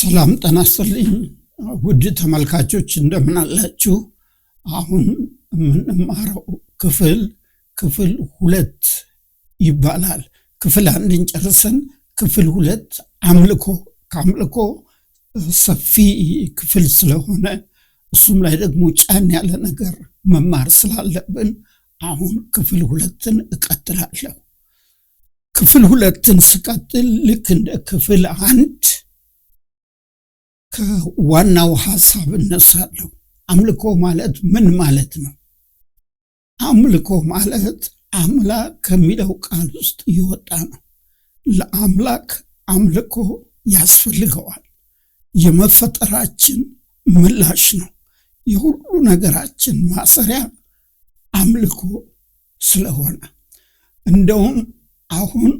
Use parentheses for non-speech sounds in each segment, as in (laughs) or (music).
ሰላም ጤና ይስጥልኝ ውድ ተመልካቾች እንደምን አላችሁ? አሁን የምንማረው ክፍል ክፍል ሁለት ይባላል። ክፍል አንድን ጨርሰን ክፍል ሁለት አምልኮ ከአምልኮ ሰፊ ክፍል ስለሆነ እሱም ላይ ደግሞ ጫን ያለ ነገር መማር ስላለብን አሁን ክፍል ሁለትን እቀጥላለሁ። ክፍል ሁለትን ስቀጥል ልክ እንደ ክፍል አንድ ከዋናው ሀሳብ እነሳለሁ። አምልኮ ማለት ምን ማለት ነው? አምልኮ ማለት አምላክ ከሚለው ቃል ውስጥ እየወጣ ነው። ለአምላክ አምልኮ ያስፈልገዋል። የመፈጠራችን ምላሽ ነው። የሁሉ ነገራችን ማሰሪያ አምልኮ ስለሆነ እንደውም አሁን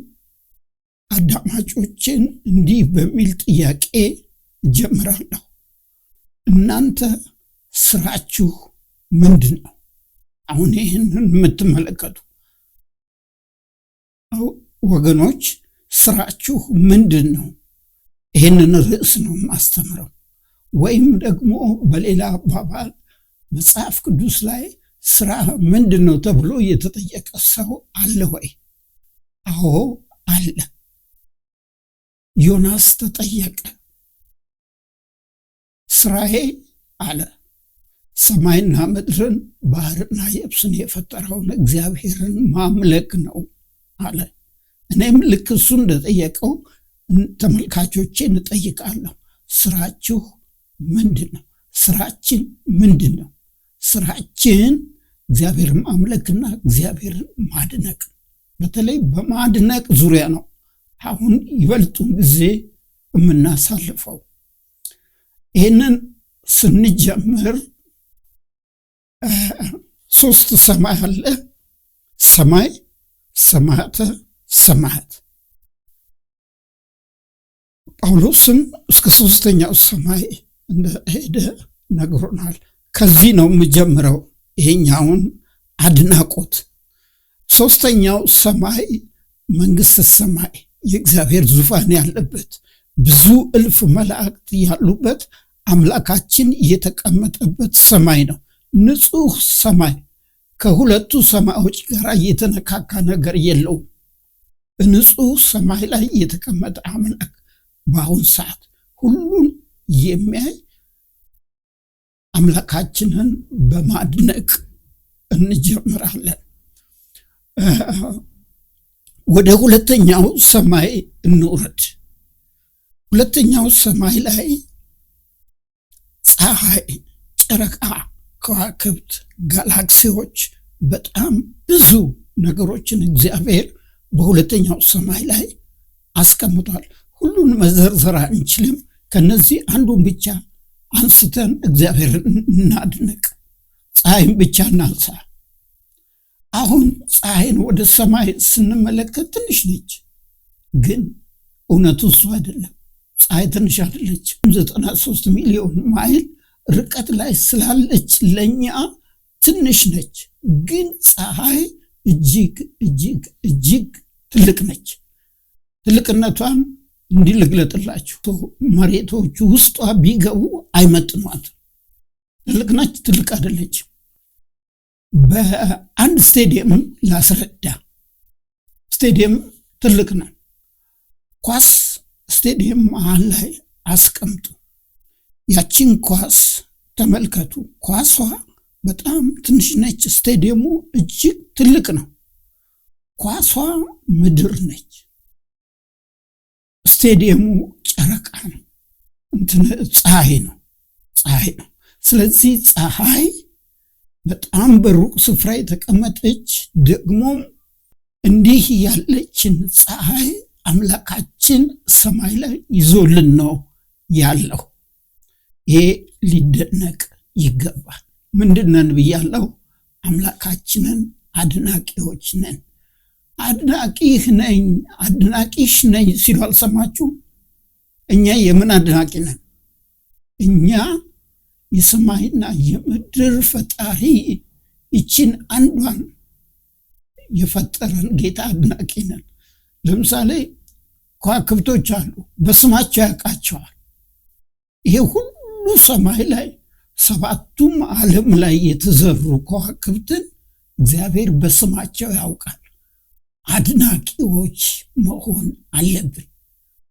አዳማጮችን እንዲህ በሚል ጥያቄ ጀምራለሁ። እናንተ ስራችሁ ምንድን ነው? አሁን ይህንን የምትመለከቱ ወገኖች ስራችሁ ምንድን ነው? ይህንን ርዕስ ነው የማስተምረው። ወይም ደግሞ በሌላ አባባል መጽሐፍ ቅዱስ ላይ ስራ ምንድን ነው ተብሎ የተጠየቀ ሰው አለ ወይ? አዎ አለ። ዮናስ ተጠየቀ። ስራዬ አለ ሰማይና ምድርን ባህርና የብስን የፈጠረውን እግዚአብሔርን ማምለክ ነው አለ። እኔም ልክ እሱ እንደጠየቀው ተመልካቾቼን እጠይቃለሁ ስራችሁ ምንድን ነው? ስራችን ምንድን ነው? ስራችን እግዚአብሔር ማምለክና እግዚአብሔርን ማድነቅ፣ በተለይ በማድነቅ ዙሪያ ነው አሁን ይበልጡን ጊዜ የምናሳልፈው። ይህንን ስንጀምር ሶስት ሰማይ አለ። ሰማይ፣ ሰማያተ ሰማያት ጳውሎስም እስከ ሶስተኛው ሰማይ እንደሄደ ነግሮናል። ከዚህ ነው የምጀምረው ይሄኛውን አድናቆት። ሶስተኛው ሰማይ መንግስት ሰማይ የእግዚአብሔር ዙፋን ያለበት ብዙ እልፍ መላእክት ያሉበት አምላካችን የተቀመጠበት ሰማይ ነው። ንጹህ ሰማይ ከሁለቱ ሰማዮች ጋር የተነካካ ነገር የለውም። ንጹህ ሰማይ ላይ የተቀመጠ አምላክ በአሁን ሰዓት ሁሉን የሚያይ አምላካችንን በማድነቅ እንጀምራለን። ወደ ሁለተኛው ሰማይ እንውረድ። ሁለተኛው ሰማይ ላይ ፀሐይ፣ ጨረቃ፣ ከዋክብት፣ ጋላክሲዎች በጣም ብዙ ነገሮችን እግዚአብሔር በሁለተኛው ሰማይ ላይ አስቀምጧል። ሁሉን መዘርዘር አንችልም። ከነዚህ አንዱን ብቻ አንስተን እግዚአብሔርን እናድንቅ። ፀሐይን ብቻ እናንሳ። አሁን ፀሐይን ወደ ሰማይ ስንመለከት ትንሽ ነች፣ ግን እውነቱ እሱ አይደለም። ፀሐይ ትንሽ አይደለች። ሶስት ሚሊዮን ማይል ርቀት ላይ ስላለች ለእኛ ትንሽ ነች፣ ግን ፀሐይ እጅግ እጅግ እጅግ ትልቅ ነች። ትልቅነቷን እንዲህ ልግለጥላችሁ፣ መሬቶቹ ውስጧ ቢገቡ አይመጥኗት። ትልቅ ናች፣ ትልቅ አደለች። በአንድ ስቴዲየም ላስረዳ። ስቴዲየም ትልቅ ነው። ኳስ ስቴዲየም መሀል ላይ አስቀምጡ። ያቺን ኳስ ተመልከቱ። ኳሷ በጣም ትንሽ ነች። ስቴዲየሙ እጅግ ትልቅ ነው። ኳሷ ምድር ነች። ስቴዲየሙ ጨረቃ ነው፣ እንትን ፀሐይ ነው፣ ፀሐይ ነው። ስለዚህ ፀሐይ በጣም በሩቅ ስፍራ የተቀመጠች ደግሞም እንዲህ ያለችን ፀሐይ አምላካችን ሰማይ ላይ ይዞልን ነው ያለው። ይሄ ሊደነቅ ይገባል። ምንድነን ብያለው? አምላካችንን አድናቂዎች ነን። አድናቂህ ነኝ አድናቂሽ ነኝ ሲሉ አልሰማችሁ? እኛ የምን አድናቂ ነን? እኛ የሰማይና የምድር ፈጣሪ ይችን አንዷን የፈጠረን ጌታ አድናቂ ነን። ለምሳሌ ከዋክብቶች አሉ፣ በስማቸው ያውቃቸዋል። ይሄ ሁሉ ሰማይ ላይ ሰባቱም ዓለም ላይ የተዘሩ ከዋክብትን እግዚአብሔር በስማቸው ያውቃል። አድናቂዎች መሆን አለብን።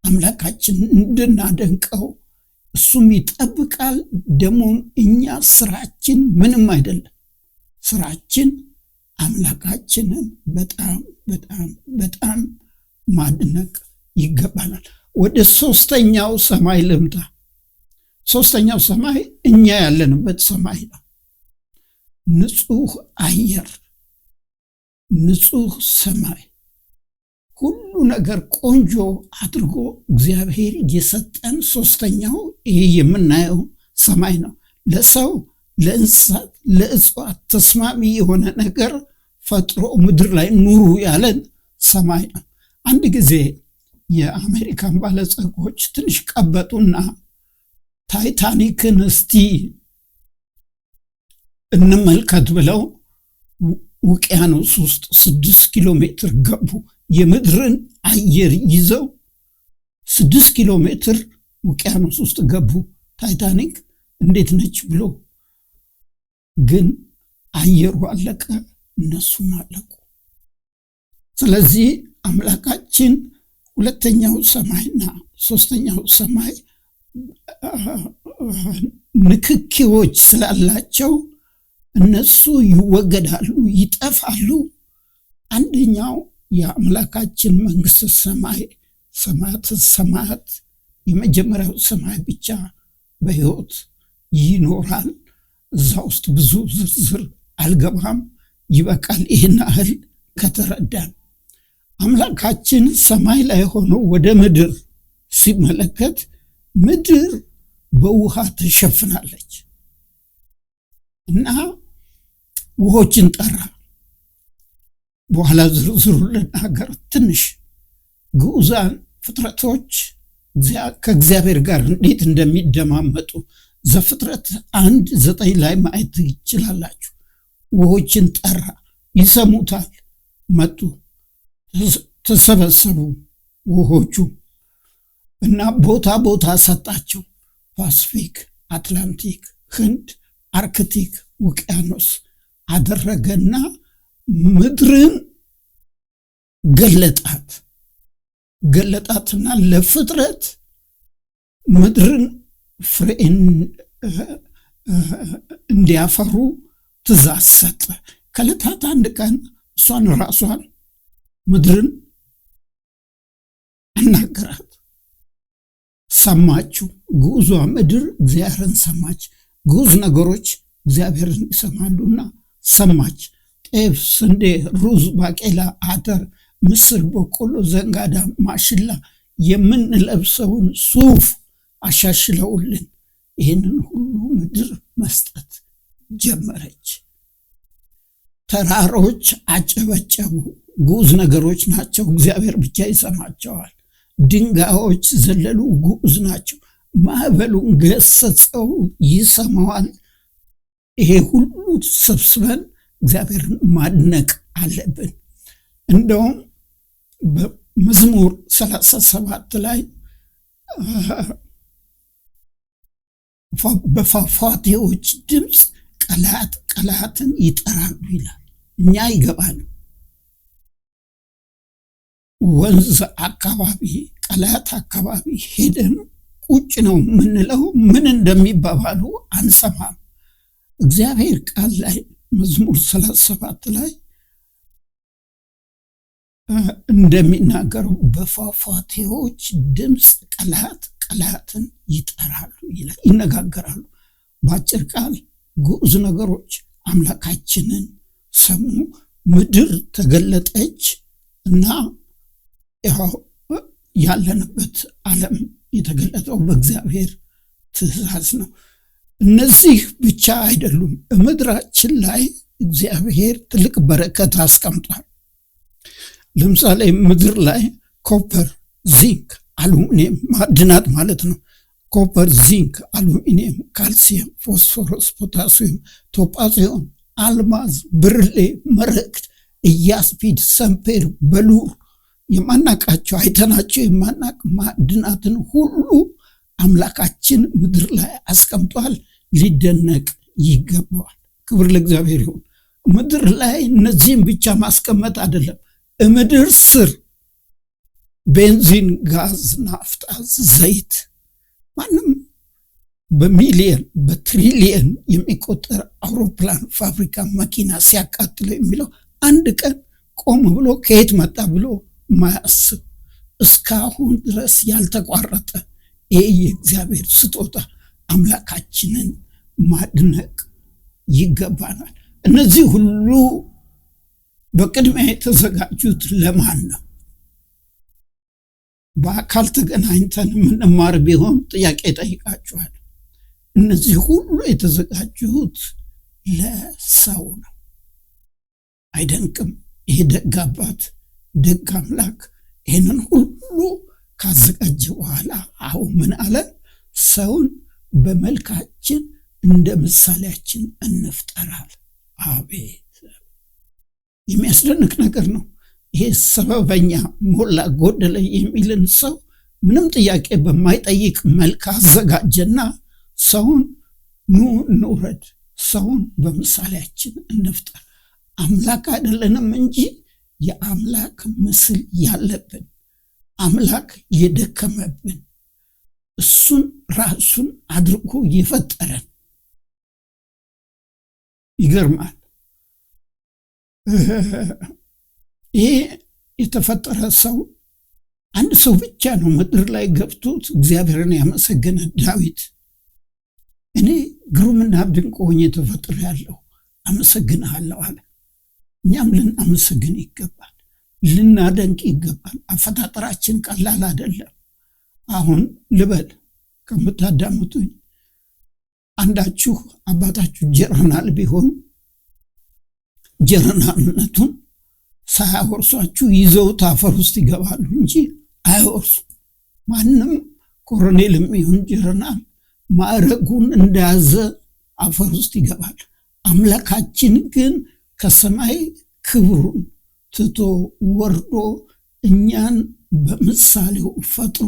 አምላካችን እንድናደንቀው እሱም ይጠብቃል። ደግሞም እኛ ስራችን ምንም አይደለም። ስራችን አምላካችንን በጣም በጣም በጣም ማድነቅ ይገባናል። ወደ ሶስተኛው ሰማይ ልምጣ። ሶስተኛው ሰማይ እኛ ያለንበት ሰማይ ነው። ንጹህ አየር ንጹህ ሰማይ ሁሉ ነገር ቆንጆ አድርጎ እግዚአብሔር የሰጠን ሶስተኛው ይህ የምናየው ሰማይ ነው። ለሰው ለእንስሳት፣ ለእጽዋት ተስማሚ የሆነ ነገር ፈጥሮ ምድር ላይ ኑሩ ያለን ሰማይ ነው። አንድ ጊዜ የአሜሪካን ባለጸጎች ትንሽ ቀበጡና ታይታኒክን እስቲ እንመልከት ብለው ውቅያኖስ ውስጥ ስድስት ኪሎ ሜትር ገቡ። የምድርን አየር ይዘው ስድስት ኪሎ ሜትር ውቅያኖስ ውስጥ ገቡ። ታይታኒክ እንዴት ነች ብሎ ግን አየሩ አለቀ፣ እነሱም አለቁ። ስለዚህ አምላካችን ሁለተኛው ሰማይና ሶስተኛው ሰማይ ንክኪዎች ስላላቸው እነሱ ይወገዳሉ፣ ይጠፋሉ። አንደኛው የአምላካችን መንግስት ሰማይ ሰማያት ሰማያት የመጀመሪያው ሰማይ ብቻ በህይወት ይኖራል። እዛ ውስጥ ብዙ ዝርዝር አልገባም፣ ይበቃል። ይህን ያህል ከተረዳን አምላካችን ሰማይ ላይ ሆኖ ወደ ምድር ሲመለከት ምድር በውሃ ተሸፍናለች እና ውሆችን ጠራ። በኋላ ዝርዝሩልን ሀገር ትንሽ ግዑዛን ፍጥረቶች ከእግዚአብሔር ጋር እንዴት እንደሚደማመጡ ዘፍጥረት አንድ ዘጠኝ ላይ ማየት ይችላላችሁ። ውሆችን ጠራ፣ ይሰሙታል። መጡ፣ ተሰበሰቡ ውሆቹ እና ቦታ ቦታ ሰጣቸው። ፓስፊክ፣ አትላንቲክ፣ ህንድ፣ አርክቲክ ውቅያኖስ አደረገና ምድርን ገለጣት ገለጣትና ለፍጥረት ምድርን ፍሬን እንዲያፈሩ ትእዛዝ ሰጠ። ከዕለታት አንድ ቀን እሷን ራሷን ምድርን አናገራት። ሰማችሁ። ግዑዟ ምድር እግዚአብሔርን ሰማች። ግዑዝ ነገሮች እግዚአብሔርን ይሰማሉና ሰማች። ጤፍ፣ ስንዴ፣ ሩዝ፣ ባቄላ፣ አተር፣ ምስር፣ በቆሎ፣ ዘንጋዳ፣ ማሽላ የምንለብሰውን ሱፍ አሻሽለውልን ይህንን ሁሉ ምድር መስጠት ጀመረች። ተራሮች አጨበጨቡ። ግዑዝ ነገሮች ናቸው፣ እግዚአብሔር ብቻ ይሰማቸዋል። ድንጋዮች ዘለሉ፣ ግዑዝ ናቸው። ማዕበሉን ገሰጸው፣ ይሰማዋል ይሄ ሁሉ ሰብስበን እግዚአብሔር ማድነቅ አለብን። እንደውም በመዝሙር 37 ላይ በፏፏቴዎች ድምፅ ቀላት ቀላትን ይጠራሉ ይላል። እኛ ይገባል። ወንዝ አካባቢ ቀላት አካባቢ ሄደን ቁጭ ነው የምንለው። ምን እንደሚባባሉ አንሰማም። እግዚአብሔር ቃል ላይ መዝሙር ሰላሳ ሰባት ላይ እንደሚናገረው በፏፏቴዎች ድምፅ ቀላት ቀላትን ይጠራሉ ይላል፣ ይነጋገራሉ። በአጭር ቃል ግዑዝ ነገሮች አምላካችንን ሰሙ፣ ምድር ተገለጠች እና ያለንበት ዓለም የተገለጠው በእግዚአብሔር ትእዛዝ ነው። እነዚህ ብቻ አይደሉም። ምድራችን ላይ እግዚአብሔር ትልቅ በረከት አስቀምጧል። ለምሳሌ ምድር ላይ ኮፐር፣ ዚንክ፣ አሉሚኒየም ማዕድናት ማለት ነው። ኮፐር፣ ዚንክ፣ አሉሚኒየም፣ ካልሲየም፣ ፎስፎረስ፣ ፖታሲየም፣ ቶጳዚዮን፣ አልማዝ፣ ብርሌ፣ መረግድ፣ እያስፒድ፣ ሰምፔር፣ በሉር የማናቃቸው አይተናቸው የማናቅ ማዕድናትን ሁሉ አምላካችን ምድር ላይ አስቀምጧል። ሊደነቅ ይገባዋል። ክብር ለእግዚአብሔር ይሁን። ምድር ላይ እነዚህም ብቻ ማስቀመጥ አይደለም። ምድር ስር ቤንዚን፣ ጋዝ፣ ናፍጣ፣ ዘይት ማንም በሚሊየን በትሪሊየን የሚቆጠር አውሮፕላን፣ ፋብሪካ፣ መኪና ሲያቃጥለው የሚለው አንድ ቀን ቆም ብሎ ከየት መጣ ብሎ ማያስብ እስካሁን ድረስ ያልተቋረጠ ይህ የእግዚአብሔር ስጦታ አምላካችንን ማድነቅ ይገባናል። እነዚህ ሁሉ በቅድሚያ የተዘጋጁት ለማን ነው? በአካል ተገናኝተን የምንማር ቢሆን ጥያቄ ጠይቃችኋል። እነዚህ ሁሉ የተዘጋጁት ለሰው ነው። አይደንቅም? ይሄ ደግ አባት ደግ አምላክ ይህንን ሁሉ ካዘጋጀ በኋላ አሁን ምን አለ ሰውን በመልካችን እንደ ምሳሌያችን እንፍጠራል። አቤት የሚያስደንቅ ነገር ነው። ይሄ ሰበበኛ ሞላ ጎደለ የሚልን ሰው ምንም ጥያቄ በማይጠይቅ መልክ አዘጋጀና ሰውን ኑ እንውረድ፣ ሰውን በምሳሌያችን እንፍጠር። አምላክ አይደለንም እንጂ የአምላክ ምስል ያለብን አምላክ የደከመብን እሱን ራሱን አድርጎ የፈጠረን ይገርማል። (laughs) ይሄ የተፈጠረ ሰው አንድ ሰው ብቻ ነው ምድር ላይ ገብቶት እግዚአብሔርን ያመሰገነ ዳዊት። እኔ ግሩምና ድንቅ ሆኜ ተፈጥሮ ያለው አመሰግንሃለሁ አለ። እኛም ልናመሰግን ይገባል፣ ልናደንቅ ይገባል። አፈጣጠራችን ቀላል አይደለም። አሁን ልበል ከምታዳምጡኝ አንዳችሁ አባታችሁ ጀረናል ቢሆን ጀረናልነቱን ሳያወርሷችሁ ይዘውት አፈር ውስጥ ይገባሉ እንጂ አይወርሱ። ማንም ኮሎኔል የሚሆን ጀረናል ማዕረጉን እንደያዘ አፈር ውስጥ ይገባል። አምላካችን ግን ከሰማይ ክብሩን ትቶ ወርዶ እኛን በምሳሌው ፈጥሮ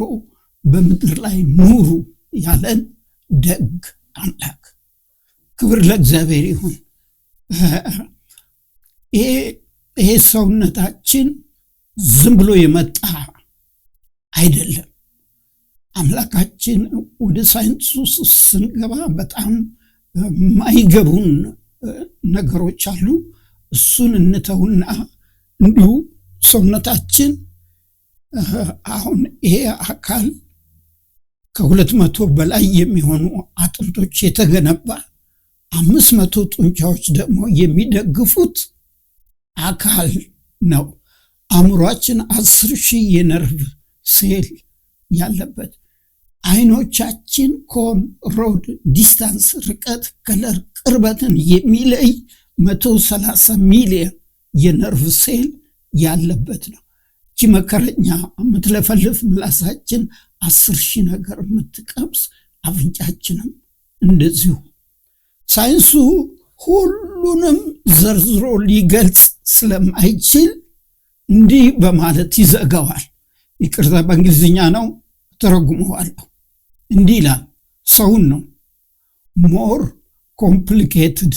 በምድር ላይ ኑሩ ያለን ደግ አምላክ ክብር ለእግዚአብሔር ይሁን። ይሄ ሰውነታችን ዝም ብሎ የመጣ አይደለም። አምላካችን ወደ ሳይንስ ውስጥ ስንገባ በጣም ማይገቡን ነገሮች አሉ። እሱን እንተውና እንዲሁ ሰውነታችን አሁን ይሄ አካል ከሁለት መቶ በላይ የሚሆኑ አጥንቶች የተገነባ አምስት መቶ ጡንቻዎች ደግሞ የሚደግፉት አካል ነው። አእምሯችን አስር ሺህ የነርቭ ሴል ያለበት አይኖቻችን ኮን፣ ሮድ፣ ዲስታንስ፣ ርቀት፣ ከለር፣ ቅርበትን የሚለይ መቶ ሰላሳ ሚሊየን የነርቭ ሴል ያለበት ነው። ይቺ መከረኛ የምትለፈልፍ ምላሳችን አስር ሺህ ነገር የምትቀምስ አፍንጫችንም እንደዚሁ ሳይንሱ ሁሉንም ዘርዝሮ ሊገልጽ ስለማይችል እንዲህ በማለት ይዘጋዋል። ይቅርታ በእንግሊዝኛ ነው ተረጉመዋለሁ። እንዲህ ይላል። ሰውን ነው ሞር ኮምፕሊኬትድ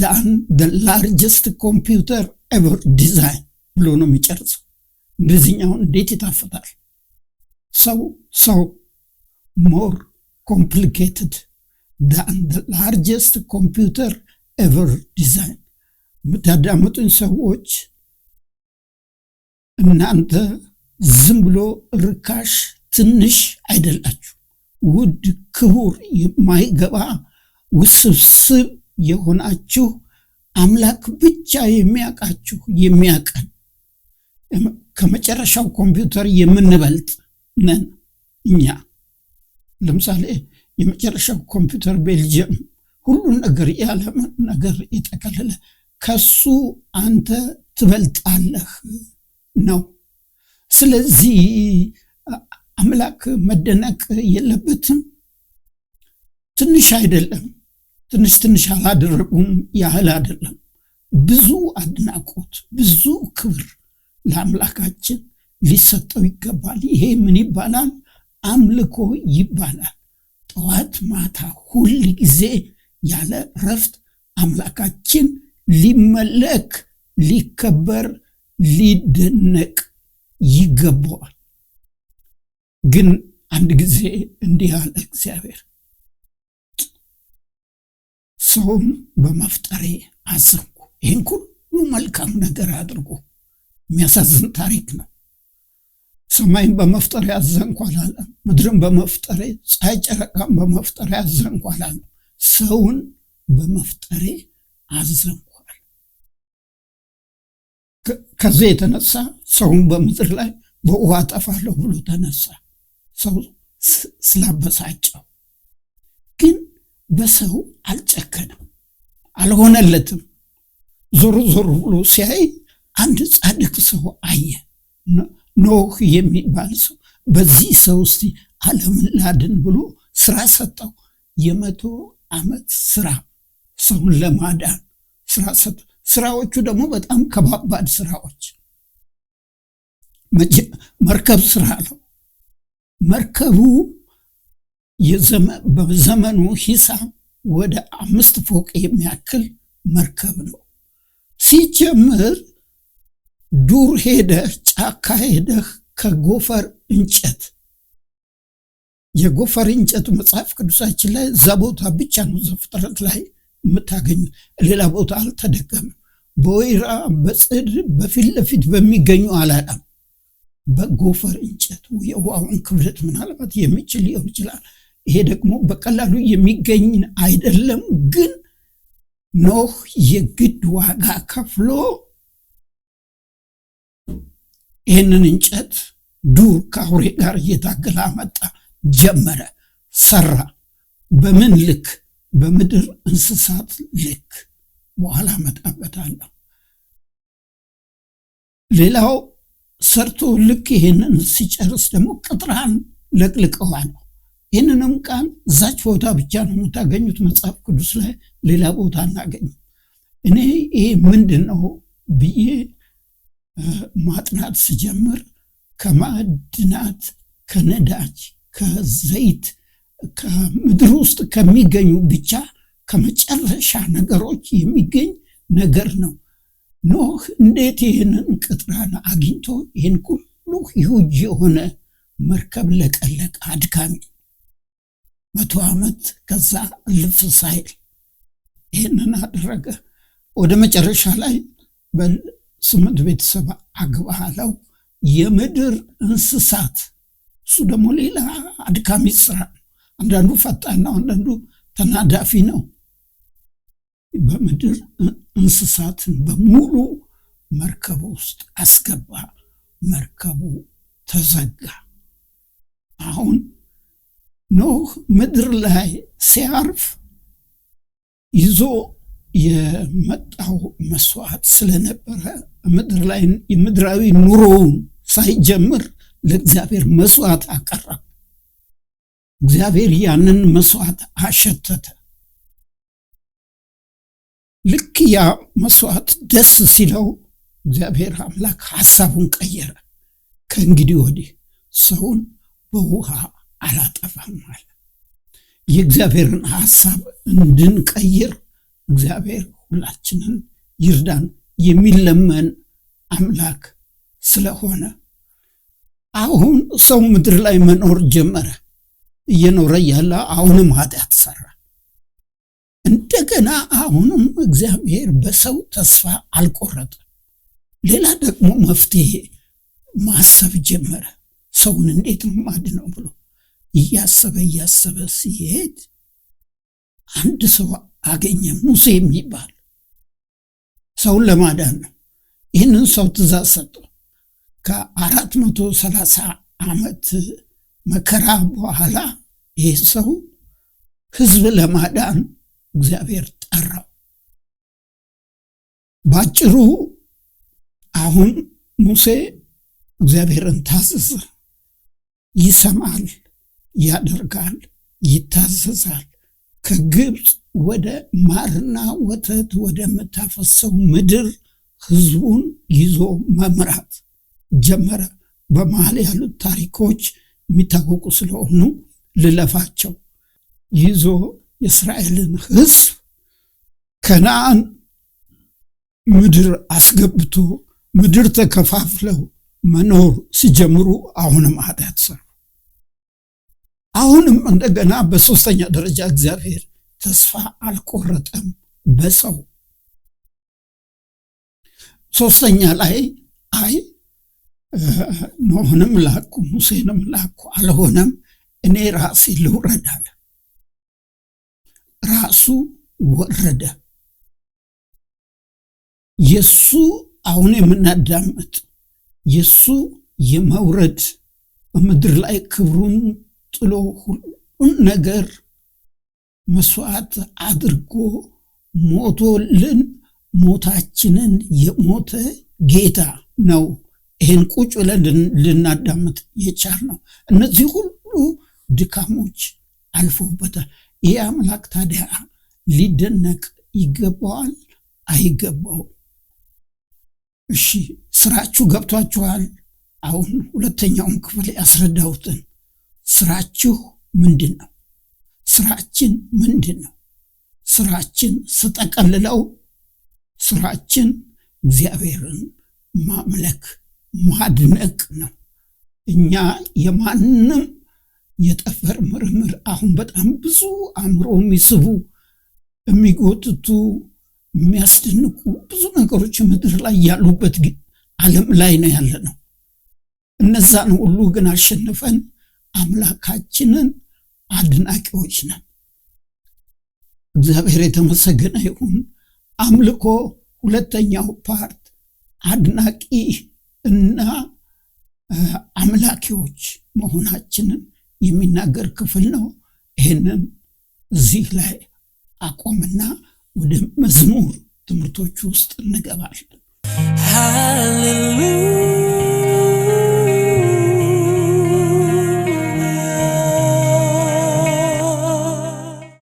ዳን ደ ላርጀስት ኮምፒውተር ኤቨር ዲዛይን ብሎ ነው የሚጨርሰው። እንግሊዝኛውን እንዴት ይታፈታል? so so more complicated than the largest computer ever designed የምታዳምጡኝ ሰዎች እናንተ ዝም ብሎ ርካሽ ትንሽ አይደላችሁ ውድ ክቡር የማይገባ ውስብስብ የሆናችሁ አምላክ ብቻ የሚያውቃችሁ የሚያቀን ከመጨረሻው ኮምፒውተር የምንበልጥ ነን እኛ። ለምሳሌ የመጨረሻው ኮምፒውተር ቤልጅየም ሁሉን ነገር የዓለም ነገር የጠቀለለ ከሱ አንተ ትበልጣለህ ነው። ስለዚህ አምላክ መደነቅ የለበትም። ትንሽ አይደለም። ትንሽ ትንሽ አላደረጉም ያህል አይደለም። ብዙ አድናቆት፣ ብዙ ክብር ለአምላካችን ሊሰጠው ይገባል። ይሄ ምን ይባላል? አምልኮ ይባላል። ጠዋት ማታ ሁል ጊዜ ያለ እረፍት አምላካችን ሊመለክ ሊከበር ሊደነቅ ይገባዋል። ግን አንድ ጊዜ እንዲህ አለ እግዚአብሔር ሰውም በመፍጠሬ አዘንኩ፣ ይህን ሁሉ መልካም ነገር አድርጎ። የሚያሳዝን ታሪክ ነው። ሰማይን በመፍጠር ያዘንኳላለ ምድርን በመፍጠሬ ፀሐይ፣ ጨረቃን በመፍጠሬ ያዘንኳላለ ሰውን በመፍጠሬ አዘንኳል። ከዚህ የተነሳ ሰውን በምድር ላይ በውሃ ጠፋለሁ ብሎ ተነሳ። ሰው ስላበሳጨው ግን በሰው አልጨከነም፣ አልሆነለትም። ዞር ዞር ብሎ ሲያይ አንድ ጻድቅ ሰው አየ። ኖህ የሚባል ሰው በዚህ ሰው እስቲ ዓለምን ላድን ብሎ ስራ ሰጠው። የመቶ ዓመት ስራ ሰውን ለማዳን ስራ ሰጠው። ስራዎቹ ደግሞ በጣም ከባባድ ስራዎች። መርከብ ስራ አለው። መርከቡ በዘመኑ ሂሳብ ወደ አምስት ፎቅ የሚያክል መርከብ ነው ሲጀምር ዱር ሄደህ ጫካ ሄደህ ከጎፈር እንጨት የጎፈር እንጨቱ መጽሐፍ ቅዱሳችን ላይ እዛ ቦታ ብቻ ነው ዘፍጥረት ላይ የምታገኙ ሌላ ቦታ አልተደገምም። በወይራ በጽድ በፊት ለፊት በሚገኙ አላዳም በጎፈር እንጨቱ የውሃውን ክብደት ምናልባት የሚችል ሊሆን ይችላል። ይሄ ደግሞ በቀላሉ የሚገኝ አይደለም። ግን ኖህ የግድ ዋጋ ከፍሎ ይህንን እንጨት ዱር ከአውሬ ጋር እየታገለ አመጣ፣ ጀመረ፣ ሰራ። በምን ልክ? በምድር እንስሳት ልክ። በኋላ መጣበታለሁ። ሌላው ሰርቶ ልክ ይህንን ሲጨርስ ደግሞ ቅጥራን ለቅልቀዋ ነው። ይህንንም ቃል እዛች ቦታ ብቻ ነው የምታገኙት መጽሐፍ ቅዱስ ላይ ሌላ ቦታ አናገኝም። እኔ ይሄ ምንድን ነው ብዬ ማጥናት ስጀምር ከማዕድናት፣ ከነዳጅ፣ ከዘይት ከምድር ውስጥ ከሚገኙ ብቻ ከመጨረሻ ነገሮች የሚገኝ ነገር ነው። ኖህ እንዴት ይህንን ቅጥራን አግኝቶ ይህን ሁሉ ሂውጅ የሆነ መርከብ ለቀለቅ አድካሚ መቶ ዓመት ከዛ እልፍ ሳይል ይህንን አደረገ። ወደ መጨረሻ ላይ ስምንት ቤተሰብ አግባ የምድር እንስሳት እሱ ደግሞ ሌላ አድካሚ ስራ ነው። አንዳንዱ ፈጣን ነው፣ አንዳንዱ ተናዳፊ ነው። በምድር እንስሳትን በሙሉ መርከቡ ውስጥ አስገባ። መርከቡ ተዘጋ። አሁን ኖህ ምድር ላይ ሲያርፍ ይዞ የመጣው መስዋዕት ስለነበረ ምድር ላይ ምድራዊ ኑሮውን ሳይጀምር ለእግዚአብሔር መስዋዕት አቀረበ። እግዚአብሔር ያንን መስዋዕት አሸተተ። ልክ ያ መስዋዕት ደስ ሲለው እግዚአብሔር አምላክ ሐሳቡን ቀየረ። ከእንግዲህ ወዲህ ሰውን በውሃ አላጠፋም አለ። የእግዚአብሔርን ሐሳብ እንድንቀይር እግዚአብሔር ሁላችንን ይርዳን። የሚለመን አምላክ ስለሆነ አሁን ሰው ምድር ላይ መኖር ጀመረ። እየኖረ ያለ አሁንም ኃጢአት ሰራ። እንደገና አሁንም እግዚአብሔር በሰው ተስፋ አልቆረጠም። ሌላ ደግሞ መፍትሄ ማሰብ ጀመረ። ሰውን እንዴት ነው ማድነው ብሎ እያሰበ እያሰበ ሲሄድ አንድ ሰው አገኘ፣ ሙሴ የሚባል ሰውን ለማዳን ነው። ይህንን ሰው ትእዛዝ ሰጠው። ከአራት መቶ ሰላሳ ዓመት መከራ በኋላ ይህ ሰው ህዝብ ለማዳን እግዚአብሔር ጠራው። ባጭሩ አሁን ሙሴ እግዚአብሔርን ታዘዘ። ይሰማል፣ ያደርጋል፣ ይታዘዛል። ከግብፅ ወደ ማርና ወተት ወደምታፈሰው ምድር ህዝቡን ይዞ መምራት ጀመረ። በመሀል ያሉት ታሪኮች የሚታወቁ ስለሆኑ ልለፋቸው። ይዞ የእስራኤልን ህዝብ ከነአን ምድር አስገብቶ ምድር ተከፋፍለው መኖር ሲጀምሩ አሁንም ኃጢአት ሰሩ። አሁንም እንደገና በሶስተኛ ደረጃ እግዚአብሔር ተስፋ አልቆረጠም በሰው ሶስተኛ ላይ አይ ኖህንም ላኩ ሙሴንም ላኩ አልሆነም፣ እኔ ራሴ ልውረድ አለ። ራሱ ወረደ። የሱ አሁን የምናዳምጥ የሱ የመውረድ በምድር ላይ ክብሩን ጥሎ ሁሉን ነገር መስዋዕት አድርጎ ሞቶልን ሞታችንን የሞተ ጌታ ነው። ይህን ቁጭ ብለን ልናዳምጥ የቻል ነው። እነዚህ ሁሉ ድካሞች አልፎበታል። ይህ አምላክ ታዲያ ሊደነቅ ይገባዋል አይገባው? እሺ ስራችሁ ገብቷችኋል? አሁን ሁለተኛውን ክፍል ያስረዳሁትን ስራችሁ ምንድን ነው? ስራችን ምንድን ነው? ስራችን ስጠቀልለው ስራችን እግዚአብሔርን ማምለክ ማድነቅ ነው። እኛ የማንም የጠፈር ምርምር አሁን በጣም ብዙ አእምሮ የሚስቡ የሚጎትቱ የሚያስደንቁ ብዙ ነገሮች ምድር ላይ ያሉበት ዓለም ላይ ነው ያለ ነው። እነዛን ሁሉ ግን አሸንፈን አምላካችንን አድናቂዎች ነን። እግዚአብሔር የተመሰገነ ይሁን። አምልኮ ሁለተኛው ፓርት አድናቂ እና አምላኪዎች መሆናችንን የሚናገር ክፍል ነው። ይህንን እዚህ ላይ አቆምና ወደ መዝሙር ትምህርቶች ውስጥ እንገባለን። ሃሌሉያ